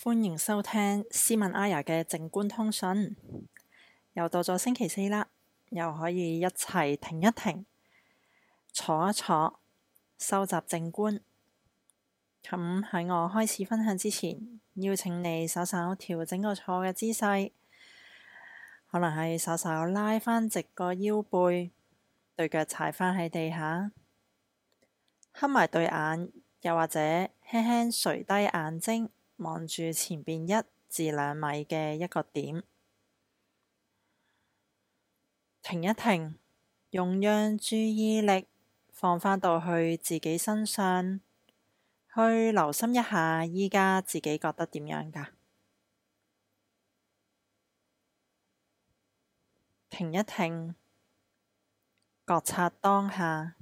歡迎收聽斯文 Aya 嘅靜觀通訊。又到咗星期四啦，又可以一齊停一停，坐一坐，收集靜觀。咁喺我開始分享之前，邀請你稍稍調整個坐嘅姿勢，可能係稍稍拉翻直個腰背，對腳踩翻喺地下，黑埋對眼，又或者輕輕垂低眼睛。望住前面一至兩米嘅一個點，停一停，用讓注意力放返到去自己身上，去留心一下依家自己覺得點樣㗎？停一停，覺察當下。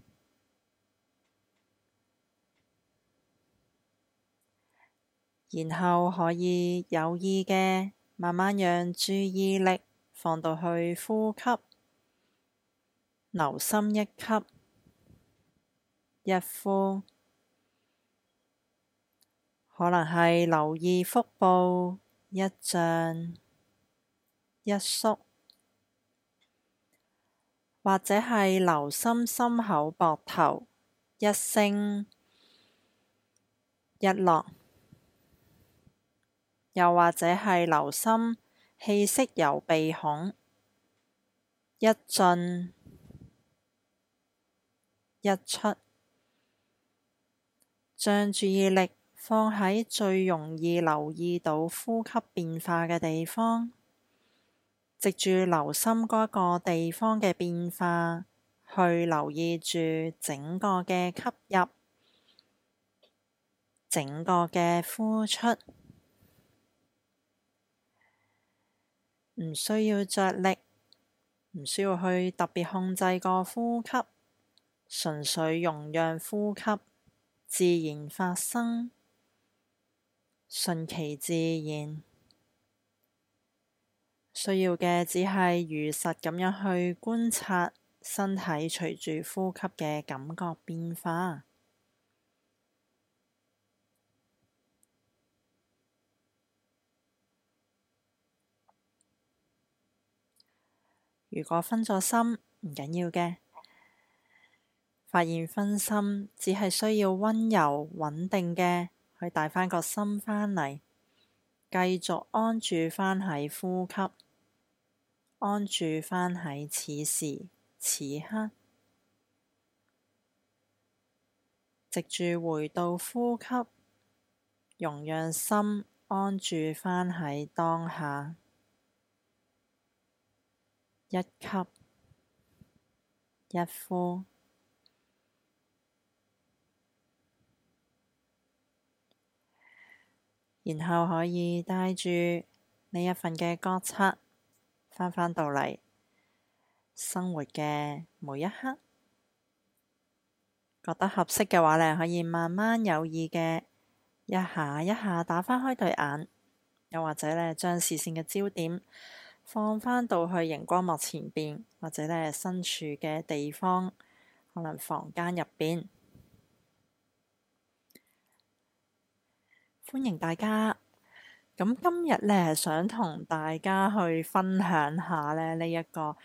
然後可以有意嘅慢慢讓注意力放到去呼吸，留心一吸一呼，可能係留意腹部一脹一縮，或者係留心心口膊頭一升一落。又或者係留心氣息由鼻孔一進一出，將注意力放喺最容易留意到呼吸變化嘅地方，藉住留心嗰個地方嘅變化，去留意住整個嘅吸入、整個嘅呼出。唔需要着力，唔需要去特別控制個呼吸，純粹容讓呼吸自然發生，順其自然。需要嘅只係如實咁樣去觀察身體隨住呼吸嘅感覺變化。如果分咗心，唔緊要嘅。發現分心，只係需要溫柔穩定嘅去帶翻個心翻嚟，繼續安住翻喺呼吸，安住翻喺此時此刻，藉住回到呼吸，容讓心安住翻喺當下。一吸一呼，然後可以帶住呢一份嘅覺察翻返到嚟生活嘅每一刻，覺得合適嘅話咧，可以慢慢有意嘅一下一下打翻開對眼，又或者咧將視線嘅焦點，放返到去熒光幕前邊，或者呢身處嘅地方，可能房間入邊，歡迎大家。咁今日呢想同大家去分享下呢呢一個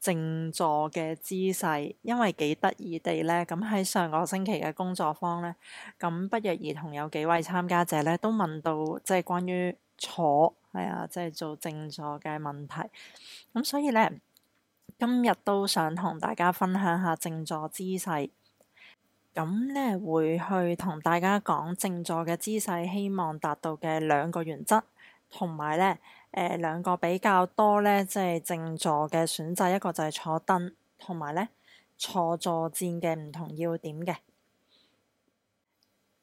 靜坐嘅姿勢，因為幾得意地呢，咁喺上個星期嘅工作坊呢，咁不約而同有幾位參加者呢，都問到，即係關於。坐係啊、哎，即係做靜坐嘅問題，咁所以咧，今日都想同大家分享下靜坐姿勢，咁咧會去同大家講靜坐嘅姿勢，希望達到嘅兩個原則，同埋咧誒兩個比較多咧，即、就、係、是、靜坐嘅選擇一個就係坐凳，同埋咧坐坐墊嘅唔同要點嘅。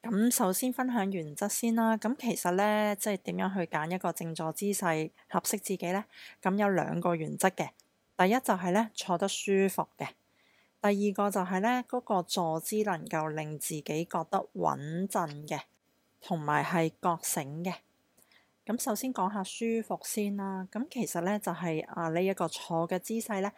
咁首先分享原則先啦。咁其實呢，即係點樣去揀一個靜坐姿勢合適自己呢？咁有兩個原則嘅，第一就係呢，坐得舒服嘅，第二個就係呢，嗰個坐姿能夠令自己覺得穩陣嘅，同埋係覺醒嘅。咁首先講下舒服先啦。咁其實呢，就係啊，呢一個坐嘅姿勢呢。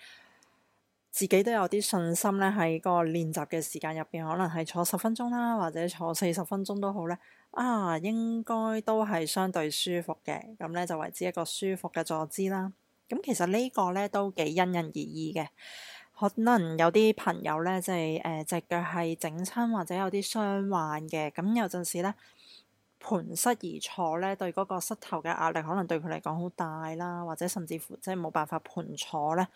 自己都有啲信心咧，喺個練習嘅時間入邊，可能係坐十分鐘啦，或者坐四十分鐘都好咧。啊，應該都係相對舒服嘅，咁咧就維持一個舒服嘅坐姿啦。咁其實個呢個咧都幾因人而異嘅，可能有啲朋友咧即係誒隻腳係整親或者有啲傷患嘅，咁有陣時咧盤膝而坐咧對嗰個膝頭嘅壓力可能對佢嚟講好大啦，或者甚至乎即係冇辦法盤坐咧。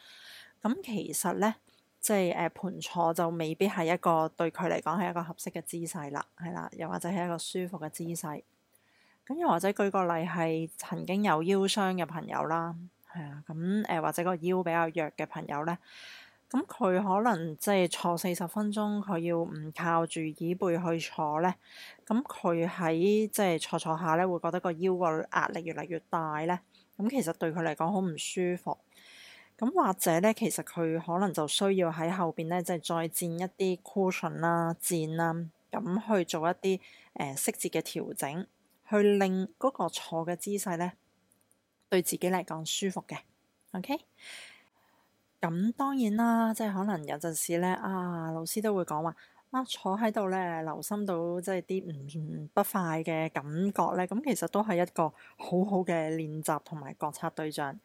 咁其實咧，即係誒盤坐就未必係一個對佢嚟講係一個合適嘅姿勢啦，係啦，又或者係一個舒服嘅姿勢。咁又或者舉個例，係曾經有腰傷嘅朋友啦，係啊，咁誒、呃、或者個腰比較弱嘅朋友咧，咁佢可能即係坐四十分鐘，佢要唔靠住椅背去坐咧，咁佢喺即係坐坐下咧，會覺得個腰個壓力越嚟越大咧，咁其實對佢嚟講好唔舒服。咁或者咧，其實佢可能就需要喺後邊咧，即、就、係、是、再墊一啲 cushion 啦、啊、墊啦、啊，咁去做一啲誒適切嘅調整，去令嗰個坐嘅姿勢咧，對自己嚟講舒服嘅。OK，咁當然啦，即係可能有陣時咧，啊老師都會講話。啊、坐喺度咧，留心到即係啲唔不快嘅感覺咧，咁其實都係一個好好嘅練習同埋覺察對象。咁、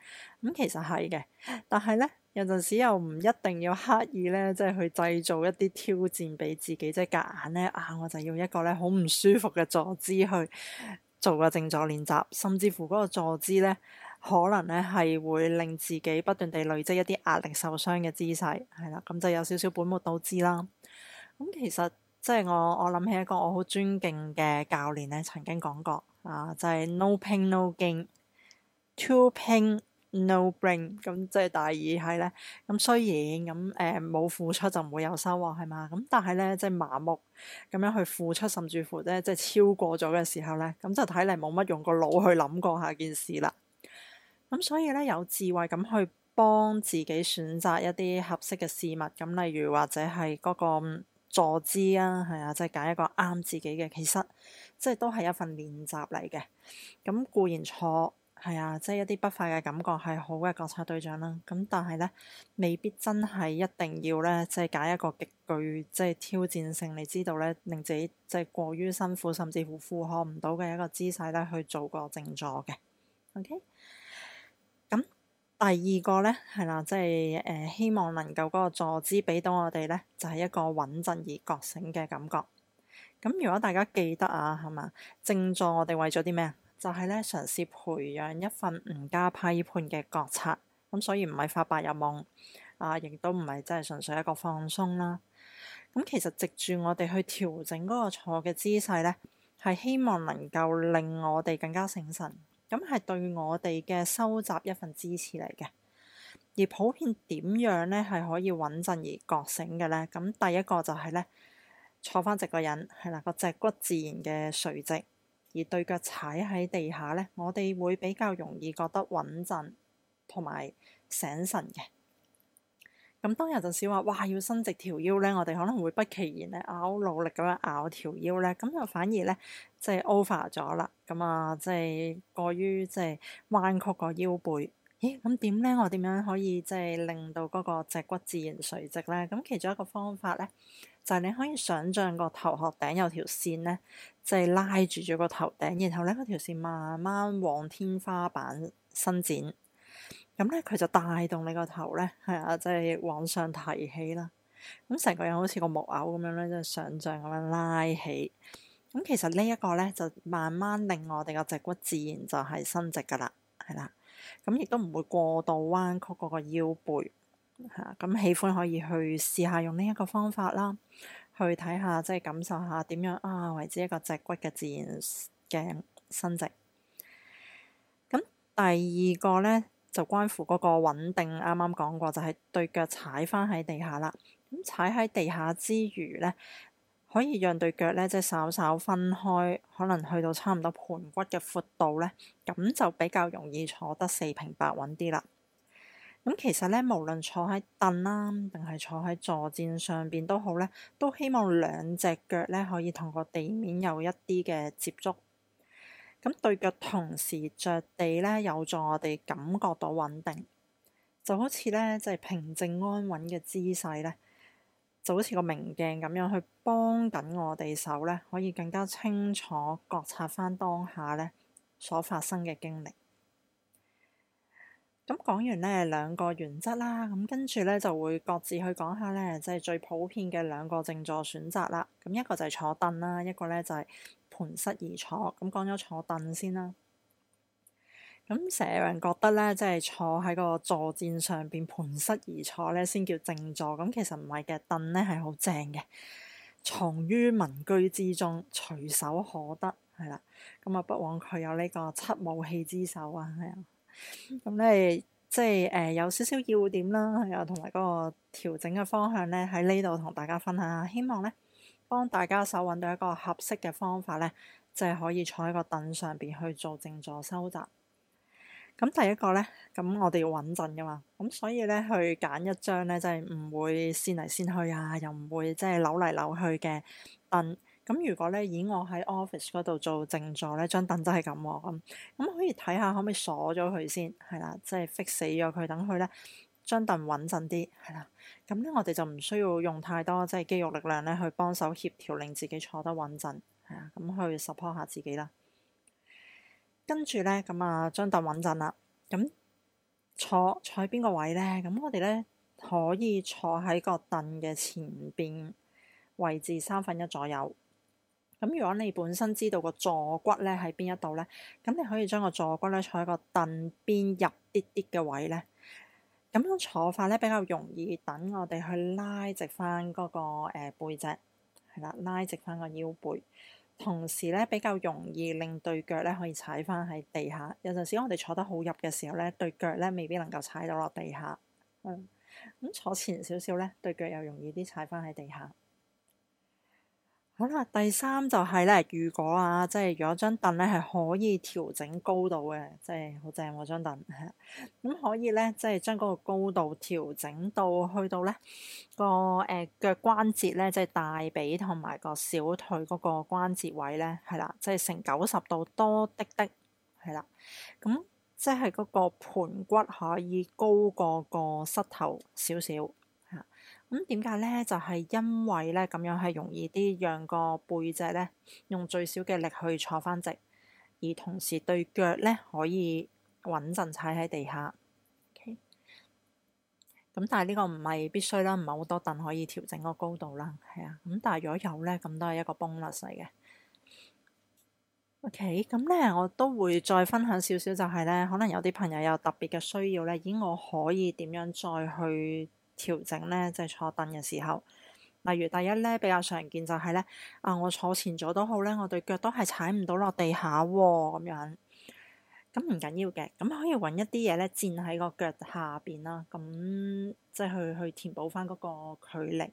嗯、其實係嘅，但係咧，有陣時又唔一定要刻意咧，即係去製造一啲挑戰俾自己，即係夾硬咧啊！我就用一個咧好唔舒服嘅坐姿去做個靜坐練習，甚至乎嗰個坐姿咧，可能咧係會令自己不斷地累積一啲壓力、受傷嘅姿勢係啦。咁就有少少本末倒置啦。咁其實即係我我諗起一個我好尊敬嘅教練咧，曾經講過啊，就係、是、no pain no gain, too pain no brain 咁即係大意係咧，咁雖然咁誒，冇付出就唔會有收穫係嘛咁，但係咧即係麻木咁樣去付出，甚至乎咧即係超過咗嘅時候咧，咁、嗯、就睇嚟冇乜用個腦去諗過下件事啦。咁、嗯、所以咧有智慧咁去幫自己選擇一啲合適嘅事物，咁例如或者係嗰、那個。坐姿啊，係啊，即係揀一個啱自己嘅，其實即係都係一份練習嚟嘅。咁固然錯係啊，即係一啲不快嘅感覺係好嘅觀察對象啦。咁但係咧，未必真係一定要咧，即係揀一個極具即係挑戰性，你知道咧，令自己即係過於辛苦，甚至乎呼吸唔到嘅一個姿勢咧去做個靜坐嘅。OK。第二個呢，係啦，即係誒、呃，希望能夠嗰個坐姿俾到我哋呢，就係、是、一個穩陣而覺醒嘅感覺。咁如果大家記得啊，係嘛，靜坐我哋為咗啲咩啊？就係、是、呢，嘗試培養一份唔加批判嘅覺察。咁所以唔係發白日夢，啊，亦都唔係真係純粹一個放鬆啦。咁其實藉住我哋去調整嗰個坐嘅姿勢呢，係希望能夠令我哋更加醒神。咁係對我哋嘅收集一份支持嚟嘅，而普遍點樣咧係可以穩陣而覺醒嘅咧？咁第一個就係咧坐翻直個人，係啦，個脊骨自然嘅垂直，而對腳踩喺地下咧，我哋會比較容易覺得穩陣同埋醒神嘅。咁當有陣時話哇要伸直條腰咧，我哋可能會不其然咧咬努力咁樣咬條腰咧，咁就反而咧。即係 over 咗啦，咁、嗯、啊，即係過於即係彎曲個腰背，咦？咁點咧？我點樣可以即係令到嗰個脊骨自然垂直咧？咁其中一個方法咧，就係、是、你可以想像個頭殼頂有條線咧，即係拉住咗個頭頂，然後咧嗰條線慢慢往天花板伸展，咁咧佢就帶動你個頭咧，係啊，即係往上提起啦。咁成個人好似個木偶咁樣咧，即係想像咁樣拉起。咁其實呢一個呢，就慢慢令我哋個脊骨自然就係伸直㗎喇，係啦。咁亦都唔會過度彎曲嗰個腰背，嚇。咁、嗯、喜歡可以去試下用呢一個方法啦，去睇下即係、就是、感受下點樣啊，維持一個脊骨嘅自然嘅伸直。咁、嗯、第二個呢，就關乎嗰個穩定。啱啱講過就係、是、對腳踩返喺地下啦。咁踩喺地下之餘呢，可以讓對腳咧，即係稍稍分開，可能去到差唔多盤骨嘅闊度咧，咁就比較容易坐得四平八穩啲啦。咁其實咧，無論坐喺凳啦，定係坐喺坐墊上面都好咧，都希望兩隻腳咧可以同個地面有一啲嘅接觸。咁對腳同時着地咧，有助我哋感覺到穩定，就好似咧，即係平靜安穩嘅姿勢咧。就好似個明鏡咁樣去幫緊我哋手咧，可以更加清楚覺察翻當下咧所發生嘅經歷。咁講完呢兩個原則啦，咁跟住咧就會各自去講下咧，即係最普遍嘅兩個正坐選擇啦。咁一個就係坐凳啦，一個咧就係盤膝而坐。咁講咗坐凳先啦。咁成有人覺得咧，即係坐喺個坐墊上邊盤膝而坐咧，先叫正坐。咁其實唔係嘅，凳咧係好正嘅，藏於民居之中，隨手可得係啦。咁啊，不枉佢有呢個七武器之手啊。係啊，咁咧即係誒、呃、有少少要點啦，啊，同埋嗰個調整嘅方向咧，喺呢度同大家分享下，希望咧幫大家手揾到一個合適嘅方法咧，即係可以坐喺個凳上邊去做正坐修習。咁第一個咧，咁我哋要穩陣㗎嘛，咁所以咧去揀一張咧，即係唔會先嚟先去啊，又唔會即係扭嚟扭去嘅凳。咁如果咧，以我喺 office 嗰度做靜坐咧，張凳都係咁喎。咁咁可以睇下可唔可以鎖咗佢先，係啦，即係 fix 死咗佢，等佢咧張凳穩陣啲，係啦。咁咧我哋就唔需要用太多即係、就是、肌肉力量咧去幫手協調，令自己坐得穩陣，係啊，咁去 support 下自己啦。跟住咧，咁啊，張凳穩陣啦。咁坐坐喺邊個位咧？咁我哋咧可以坐喺個凳嘅前邊位置三分一左右。咁如果你本身知道個坐骨咧喺邊一度咧，咁你可以將個坐骨咧坐喺個凳邊入啲啲嘅位咧。咁樣坐法咧比較容易等我哋去拉直翻、那、嗰個、呃、背脊，係啦，拉直翻個腰背。同時咧，比較容易令對腳咧可以踩翻喺地下。有陣時，我哋坐得好入嘅時候咧，對腳咧未必能夠踩到落地下。咁、嗯、坐前少少咧，對腳又容易啲踩翻喺地下。好啦，第三就係、是、咧，如果啊，即係如果張凳咧係可以調整高度嘅，即係好正喎張凳，咁 可以咧，即係將嗰個高度調整到去到咧個誒、呃、腳關節咧，即係大髀同埋個小腿嗰個關節位咧，係啦，即係成九十度多啲啲，係啦，咁即係嗰個盤骨可以高過個膝頭少少。咁點解咧？就係、是、因為咧，咁樣係容易啲，讓個背脊咧用最少嘅力去坐翻直，而同時對腳咧可以穩陣踩喺地下。咁、okay。但係呢個唔係必須啦，唔係好多凳可以調整個高度啦，係啊。咁但係如果有咧，咁都係一個 bonus 嚟嘅。OK，咁咧我都會再分享少少，就係、是、咧，可能有啲朋友有特別嘅需要咧，咦，我可以點樣再去？調整咧，即係坐凳嘅時候。例如第一咧，比較常見就係咧，啊，我坐前咗都好咧，我對腳都係踩唔到落地下喎、啊，咁樣。咁唔緊要嘅，咁可以揾一啲嘢咧，墊喺個腳下邊啦。咁即係去去填補翻嗰個距離。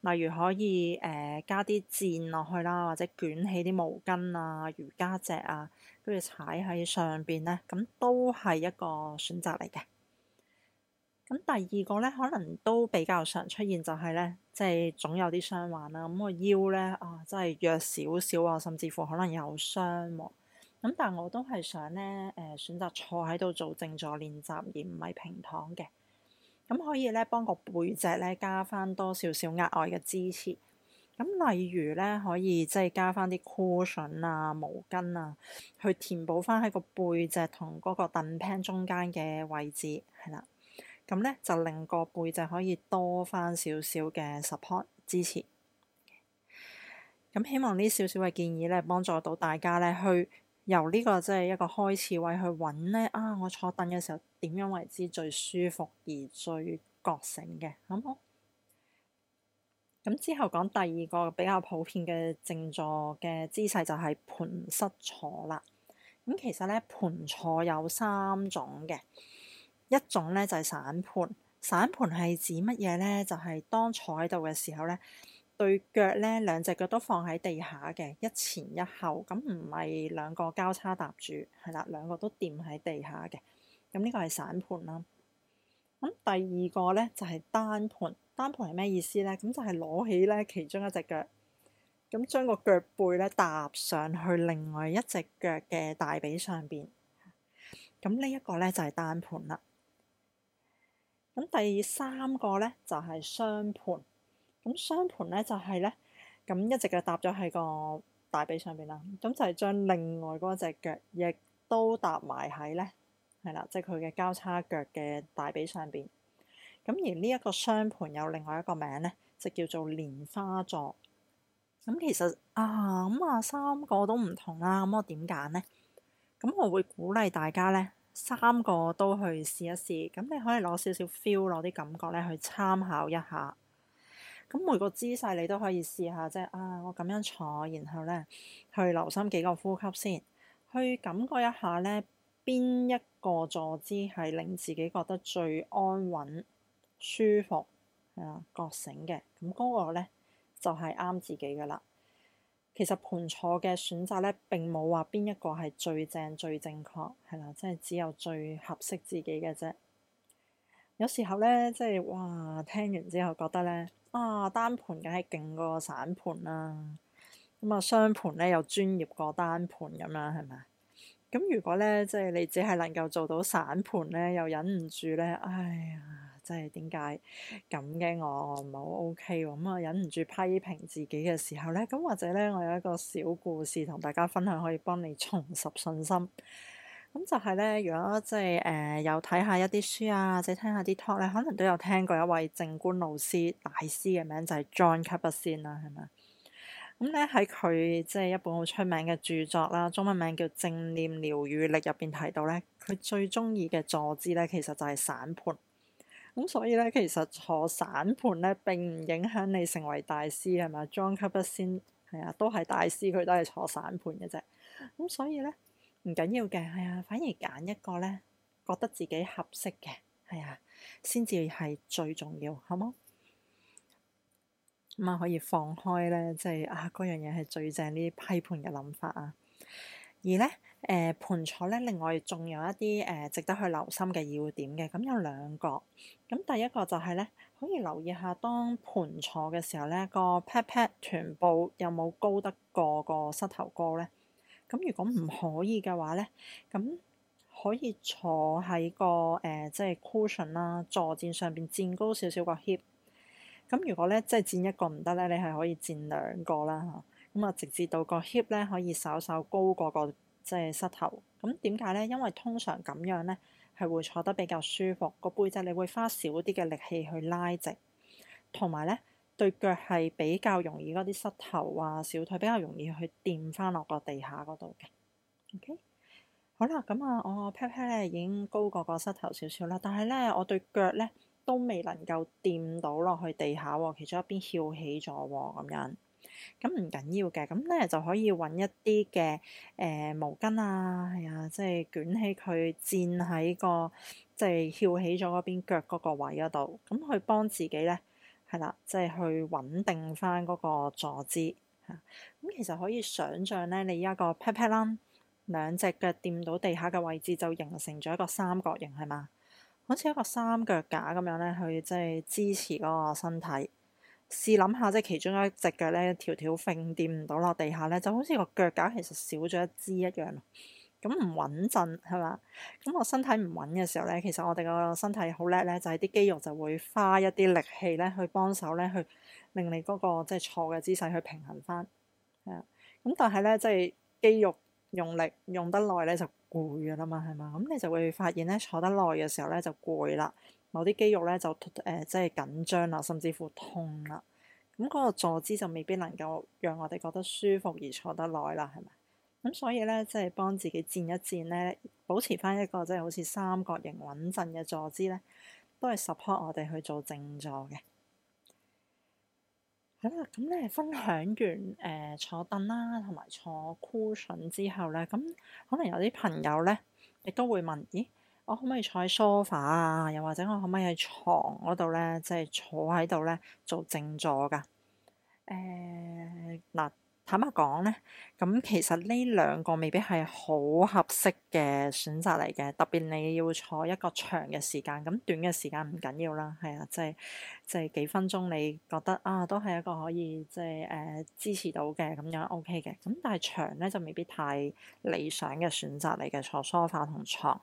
例如可以誒、呃、加啲墊落去啦，或者捲起啲毛巾啊、瑜伽席啊，跟住踩喺上邊咧，咁都係一個選擇嚟嘅。咁第二個咧，可能都比較常出現，就係咧，即係總有啲傷患啦、啊。咁、那個腰咧啊，即係弱少少啊，甚至乎可能有傷、啊。咁，但我都係想咧誒、呃、選擇坐喺度做靜坐練習，而唔係平躺嘅。咁可以咧，幫個背脊咧加翻多少少額外嘅支持。咁例如咧，可以即係加翻啲 cushion 啊、毛巾啊，去填補翻喺個背脊同嗰個凳 pan 中間嘅位置，係啦。咁咧就令個背脊可以多返少少嘅 support 支持。咁希望呢少少嘅建議咧，幫助到大家咧去由呢個即係一個開始位去揾咧啊！我坐凳嘅時候點樣為之最舒服而最覺醒嘅，好唔好？咁之後講第二個比較普遍嘅靜坐嘅姿勢就係盤膝坐啦。咁其實咧盤坐有三種嘅。一種咧就係散盤，散盤係指乜嘢咧？就係當坐喺度嘅時候咧，對腳咧兩隻腳都放喺地下嘅，一前一後咁，唔係兩個交叉搭住係啦，兩個都掂喺地下嘅。咁呢個係散盤啦。咁第二個咧就係單盤，單盤係咩意思咧？咁就係攞起咧其中一隻腳，咁將個腳背咧搭上去另外一隻腳嘅大髀上邊。咁呢一個咧就係單盤啦。咁第三個咧就係、是、雙盤，咁雙盤咧就係咧咁一隻腳搭咗喺個大髀上邊啦，咁就係將另外嗰隻腳亦都搭埋喺咧係啦，即係佢嘅交叉腳嘅大髀上邊。咁而呢一個雙盤有另外一個名咧，就叫做蓮花座。咁其實啊，咁啊三個都唔同啦，咁我點揀咧？咁我會鼓勵大家咧。三個都去試一試，咁你可以攞少少 feel，攞啲感覺咧去參考一下。咁每個姿勢你都可以試下，即係啊，我咁樣坐，然後咧去留心幾個呼吸先，去感覺一下咧邊一個坐姿係令自己覺得最安穩舒服啊覺醒嘅，咁嗰個咧就係、是、啱自己噶啦。其實盤坐嘅選擇咧，並冇話邊一個係最正最正確，係啦，即係只有最合適自己嘅啫。有時候咧，即係哇，聽完之後覺得咧啊，單盤梗係勁過散盤啦。咁啊，嗯，雙盤咧又專業過單盤咁啦，係咪？咁如果咧，即係你只係能夠做到散盤咧，又忍唔住咧，唉、哎呀～即係點解咁嘅我？我唔係好 OK 喎，咁、嗯、我忍唔住批評自己嘅時候咧，咁或者咧，我有一個小故事同大家分享，可以幫你重拾信心。咁就係咧，如果即係誒，有睇下一啲書啊，或者聽一下啲 talk 咧，可能都有聽過一位靜觀老師大師嘅名，就係、是、John Kabat-Zinn 啦，係咪？咁咧喺佢即係一本好出名嘅著作啦，中文名叫《正念療愈力》入邊提到咧，佢最中意嘅坐姿咧，其實就係散盤。咁所以咧，其實坐散盤咧並唔影響你成為大師，係咪？莊卡巴金係啊，都係大師，佢都係坐散盤嘅啫。咁所以咧，唔緊要嘅係啊，反而揀一個咧覺得自己合適嘅係啊，先至係最重要，好冇？咁啊可以放開咧，即係啊嗰樣嘢係最正啲批判嘅諗法啊！而咧，誒盤坐咧，另外仲有一啲誒、呃、值得去留心嘅要點嘅，咁有兩個。咁第一個就係咧，可以留意下當盤坐嘅時候咧，個 pat pat 臀部有冇高得過個膝頭哥咧？咁如果唔可以嘅話咧，咁可以坐喺個誒、呃、即係 cushion 啦，坐墊上邊墊高少少個 hip。咁如果咧即係墊一個唔得咧，你係可以墊兩個啦。咁啊，直至到個 hip 咧可以稍稍高過個即係膝頭。咁點解咧？因為通常咁樣咧係會坐得比較舒服，個背脊你會花少啲嘅力氣去拉直，同埋咧對腳係比較容易嗰啲膝頭啊、小腿比較容易去掂翻落個地下嗰度嘅。OK，好啦，咁啊，我 pat pat 咧已經高過個膝頭少少啦，但係咧我對腳咧都未能夠掂到落去地下喎，其中一邊翹起咗喎，咁樣。咁唔緊要嘅，咁咧就可以揾一啲嘅誒毛巾啊，係啊，即係捲起佢，摺喺個即係翹起咗嗰邊腳嗰個位嗰度，咁去幫自己咧係啦，即係去穩定翻嗰個坐姿嚇。咁其實可以想象咧，你依家個 pat pat 啦兩隻腳掂到地下嘅位置，就形成咗一個三角形，係嘛？好似一個三腳架咁樣咧，去即係支持嗰個身體。試諗下，即係其中一隻腳咧，條條揈掂唔到落地下咧，就好似個腳架其實少咗一支一樣。咁唔穩陣係嘛？咁我身體唔穩嘅時候咧，其實我哋個身體好叻咧，就係啲肌肉就會花一啲力氣咧，去幫手咧，去令你嗰個即係坐嘅姿勢去平衡翻。係啊，咁但係咧，即係肌肉用力用得耐咧，就攰㗎啦嘛，係嘛？咁你就會發現咧，坐得耐嘅時候咧，就攰啦。某啲肌肉咧就誒、呃、即係緊張啦，甚至乎痛啦。咁嗰個坐姿就未必能夠讓我哋覺得舒服而坐得耐啦，係咪？咁所以咧，即係幫自己墊一墊咧，保持翻一個即係好似三角形穩陣嘅坐姿咧，都係 support 我哋去做正坐嘅。好啦、嗯，咁、嗯、你、嗯、分享完誒、呃、坐凳啦，同埋坐 cushion 之後咧，咁、嗯、可能有啲朋友咧亦都會問：咦？我可唔可以坐喺 sofa 啊？又或者我可唔可以喺床嗰度咧，即係坐喺度咧做靜坐噶？誒嗱，坦白講咧，咁其實呢兩個未必係好合適嘅選擇嚟嘅，特別你要坐一個長嘅時間，咁短嘅時間唔緊要啦，係啊，即係即係幾分鐘你覺得啊，都係一個可以即係誒支持到嘅咁樣 OK 嘅。咁但係長咧就未必太理想嘅選擇嚟嘅，坐 sofa 同床。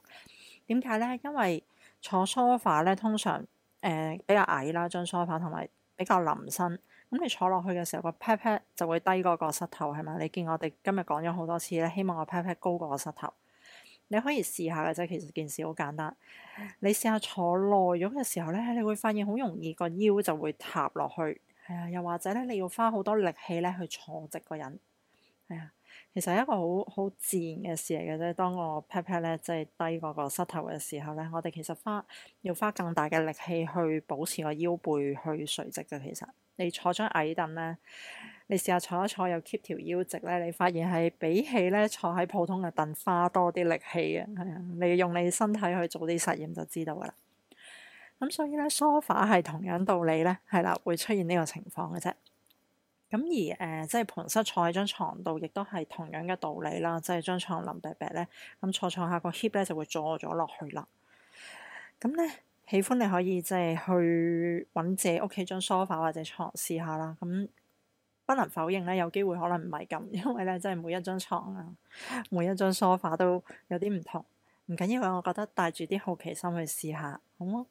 點解咧？因為坐梳化咧，通常誒、呃、比較矮啦，張梳化同埋比較冧身。咁你坐落去嘅時候，個 pat pat 就會低過個膝頭，係咪？你見我哋今日講咗好多次咧，希望個 pat pat 高過個膝頭。你可以試下嘅啫，其實件事好簡單。你試下坐耐咗嘅時候咧，你會發現好容易個腰就會塌落去。係啊，又或者咧，你要花好多力氣咧去坐直個人。係啊。其實係一個好好自然嘅事嚟嘅啫。當我 pat pat 咧，即係低嗰個膝頭嘅時候咧，我哋其實花要花更大嘅力氣去保持個腰背去垂直嘅。其實你坐張矮凳咧，你試下坐一坐又 keep 條腰直咧，你發現係比起咧坐喺普通嘅凳花多啲力氣嘅。係啊，你用你身體去做啲實驗就知道噶啦。咁所以咧，梳化係同樣道理咧，係啦會出現呢個情況嘅啫。咁而誒、呃，即係盤膝坐喺張床度，亦都係同樣嘅道理啦。即係張床林逼逼咧，咁坐坐下、個 hip 咧就會坐咗落去啦。咁咧，喜歡你可以即係去揾自己屋企張梳化或者床試下啦。咁不能否認咧，有機會可能唔係咁，因為咧即係每一張床啊，每一張梳化都有啲唔同。唔緊要啊，我覺得帶住啲好奇心去試下，好唔好？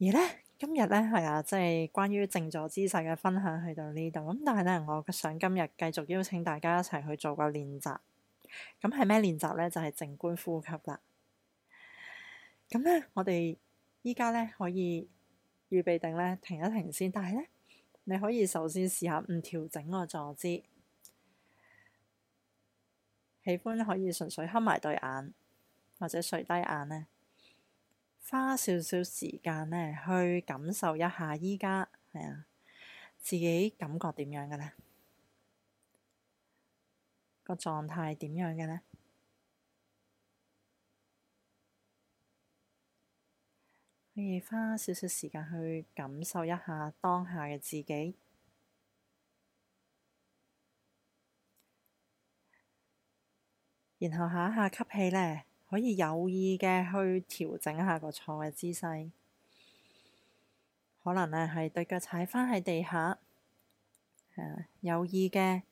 而咧。今日咧，係啊，即係關於靜坐姿勢嘅分享，去到呢度。咁但係咧，我想今日繼續邀請大家一齊去做個練習。咁係咩練習咧？就係、是、靜觀呼吸啦。咁咧，我哋依家咧可以預備定咧停一停先。但係咧，你可以首先試下唔調整個坐姿，喜歡可以純粹瞌埋對眼，或者垂低眼咧。花少少時間呢，去感受一下而家係啊，自己感覺點樣嘅呢？個狀態點樣嘅呢？可以花少少時間去感受一下當下嘅自己，然後下一下吸氣呢。可以有意嘅去調整下個坐嘅姿勢，可能呢係對腳踩翻喺地下，有意嘅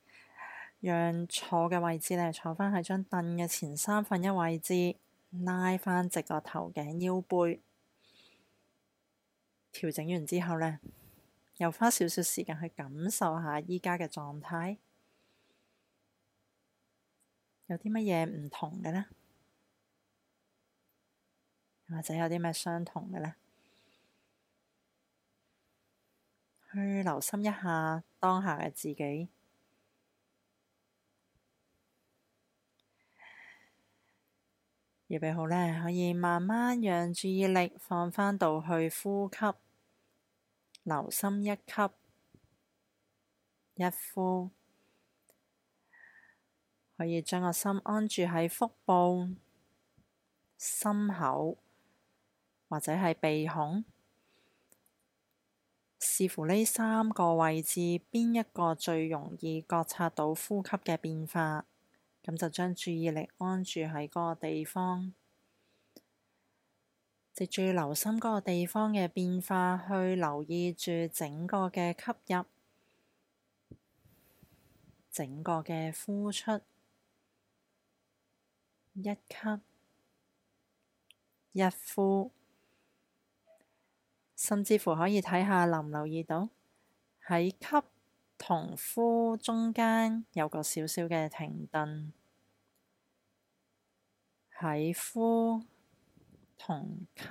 讓坐嘅位置呢坐翻喺張凳嘅前三分一位置，拉翻直個頭頸腰背。調整完之後呢又花少少時間去感受下依家嘅狀態，有啲乜嘢唔同嘅呢？或者有啲咩相同嘅呢？去留心一下當下嘅自己，預備好呢，可以慢慢讓注意力放返到去呼吸，留心一吸一呼，可以將個心安住喺腹部、心口。或者係鼻孔，視乎呢三個位置邊一個最容易覺察到呼吸嘅變化，咁就將注意力安住喺嗰個地方，藉住留心嗰個地方嘅變化，去留意住整個嘅吸入、整個嘅呼出，一吸一呼。甚至乎可以睇下，留唔留意到喺吸同呼中間有個小小嘅停頓。喺呼同吸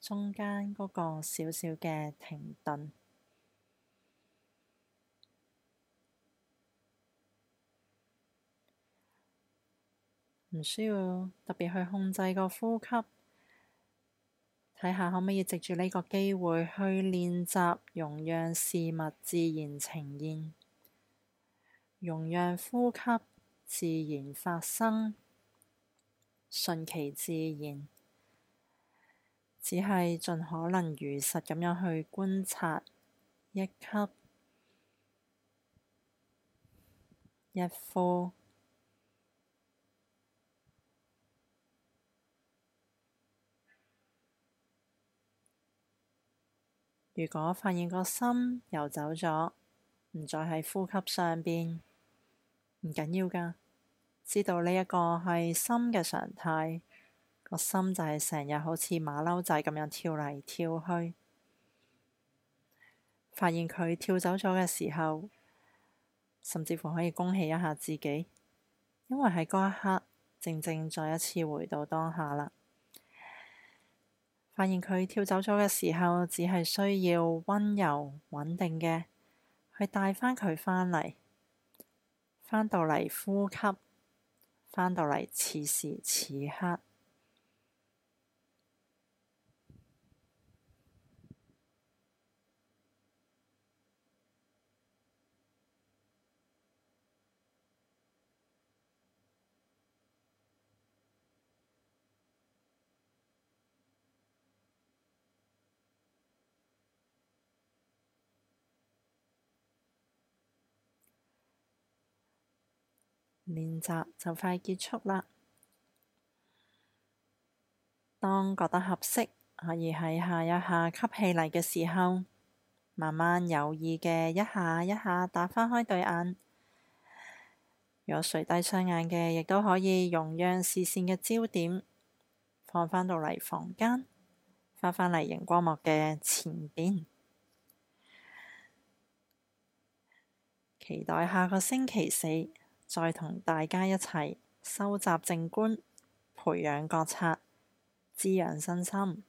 中間嗰個小小嘅停頓，唔需要特別去控制個呼吸。睇下可唔可以藉住呢個機會去練習容讓事物自然呈現，容讓呼吸自然發生，順其自然，只係盡可能如實咁樣去觀察一吸一呼。如果發現個心游走咗，唔再喺呼吸上邊，唔緊要噶。知道呢一個係心嘅常態，個心就係成日好似馬騮仔咁樣跳嚟跳去。發現佢跳走咗嘅時候，甚至乎可以恭喜一下自己，因為喺嗰一刻，靜靜再一次回到當下啦。發現佢跳走咗嘅時候，只係需要溫柔穩定嘅去帶翻佢返嚟，返到嚟呼吸，返到嚟此時此刻。練習就快結束啦。當覺得合適，可以喺下一下吸氣嚟嘅時候，慢慢有意嘅一下一下打翻開對眼。有垂低雙眼嘅，亦都可以容讓視線嘅焦點放返到嚟房間，返返嚟熒光幕嘅前邊。期待下個星期四。再同大家一齊收集正觀，培養覺察，滋養身心。